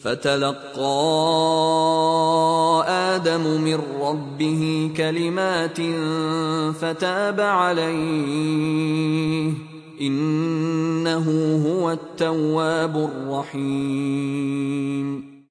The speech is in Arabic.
فتلقى ادم من ربه كلمات فتاب عليه انه هو التواب الرحيم